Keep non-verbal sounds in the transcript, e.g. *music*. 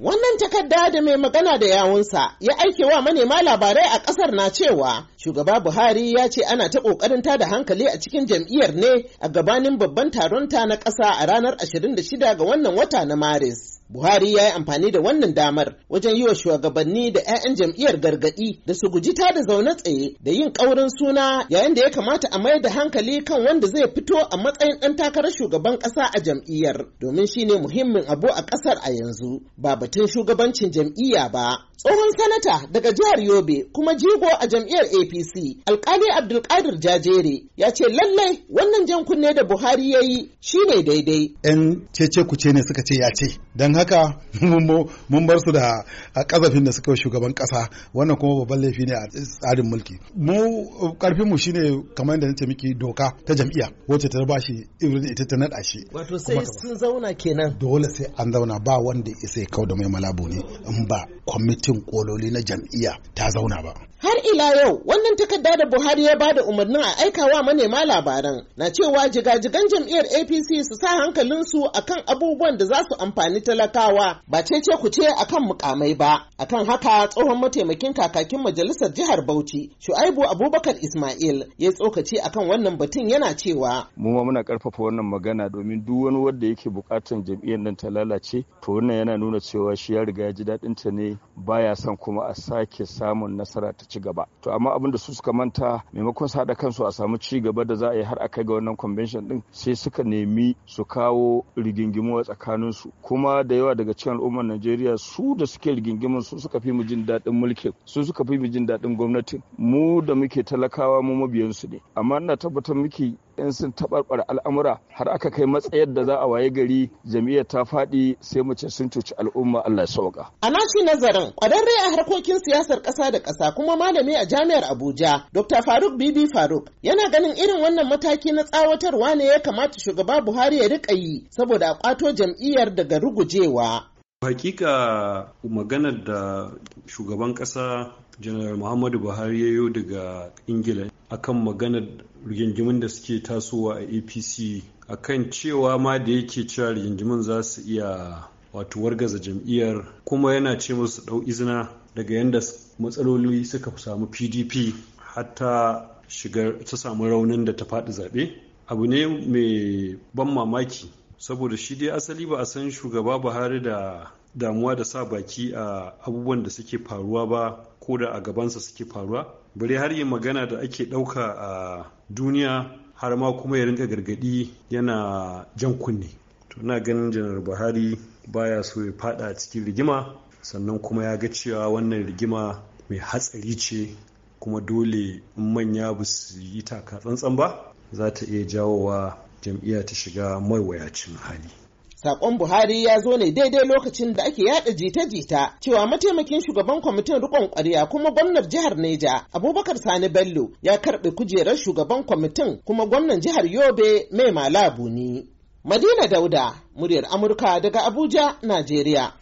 Wannan takarda da mai magana da yawunsa ya aike wa manema labarai a ƙasar na cewa shugaba Buhari ya ce ana ta ƙoƙarin da hankali a cikin jam'iyyar ne a gabanin babban taron ta na ƙasa a ranar 26 ga wannan wata na Maris. Buhari ya yi amfani da wannan damar wajen yi wa shugabanni da 'ya'yan jam'iyyar gargaɗi da su guji ta da zaune tsaye da yin ƙaurin suna yayin da ya kamata a mayar da hankali kan wanda zai fito a matsayin ɗan takarar shugaban ƙasa a jam'iyyar domin shi ne muhimmin abu a ƙasar a yanzu ba batun shugabancin jam'iyya ba. Tsohon sanata daga jihar Yobe kuma jigo a jam'iyyar APC alkali Abdulkadir Jajere ya ce lallai wannan jan kunne da Buhari ya yi shi ne daidai. 'Yan cece kuce ne suka ce ya ce haka *laughs* mun bar su da kazafin da suka shugaban kasa wannan kuma babban laifi ne a tsarin mulki mu karfin uh, mu shine kamar yadda nace miki doka ta jam'iyya wacce ta bashi irin ita ta nada shi wato sai sun zauna kenan dole sai an zauna ba wanda ya sai kau da mai malabo ne in ba kwamitin kololi na jam'iyya ta zauna ba har ila yau wannan takarda da Buhari ya bada umarnin a aikawa manema labaran na cewa jigajigan jam'iyyar APC su sa hankalinsu akan abubuwan da za su amfani talaka shakatawa ba ce ce ku ce akan mukamai ba. a kan haka tsohon mataimakin kakakin majalisar jihar Bauchi Shu'aibu Abubakar Ismail ya tsokaci akan wannan batun yana cewa. Mu muna karfafa wannan magana domin duk wani wanda yake bukatan jam'iyyar nan ta lalace to wannan yana nuna cewa shi ya riga ya ji daɗin ta ne baya son kuma a sake samun nasara ta ci gaba. To amma abin da su suka manta maimakon su kansu a samu ci gaba da za a yi har a kai ga wannan convention din sai suka nemi su kawo rigingimu a su kuma da da yawa daga cikin al'ummar Najeriya su da suke rigingimin su suka fi mu jin daɗin mulkin su suka fi mu jin daɗin gwamnatin mu da muke talakawa mu mabiyansu ne amma ina tabbatar miki in sun taɓarɓar al'amura har aka kai matsayar da za a waye gari jam'iyyar ta faɗi sai mu ce sun cuci al'umma Allah ya sauka. A nashi nazarin ƙwararre a harkokin siyasar ƙasa da ƙasa kuma malami a jami'ar Abuja Dr. Faruk Bibi Faruk yana ganin irin wannan mataki na tsawatarwa ne ya kamata shugaba Buhari ya riƙa yi saboda a ƙwato jam'iyyar daga rugujewa. Hakika maganar da shugaban ƙasa janar Muhammadu Buhari ya yi daga Ingila akan maganar rigingimin da suke tasowa a APC akan cewa ma da yake cewa rigingimin za su iya wato wargaza jam'iyyar kuma yana ce musu dau izina daga yadda matsaloli suka samu PDP hatta shigar ta samu raunin da ta faɗi zaɓe abu ne mai ban mamaki saboda shi dai asali ba a san shugaba buhari da damuwa da sa baki a abubuwan da suke faruwa ba ko da a gabansa suke faruwa bare har yin magana da ake ɗauka a duniya har ma kuma ya rinka gargaɗi yana jan kunne to na ganin janar buhari baya so ya fada cikin rigima sannan kuma ya ga cewa wannan rigima mai hatsari ce kuma dole manya ba su yi taka tsantsan ba za ta iya jawowa jam'iyya ta shiga mawayacin hali Sakon Buhari ya zo ne daidai lokacin da ake yada jita-jita cewa mataimakin shugaban kwamitin rikon kwarya kuma gwamnar jihar Neja Abubakar Sani Bello ya karbe kujerar shugaban kwamitin kuma gwamnan jihar Yobe Mai Malabu ne. Madina Dauda, muryar Amurka daga Abuja, Najeriya.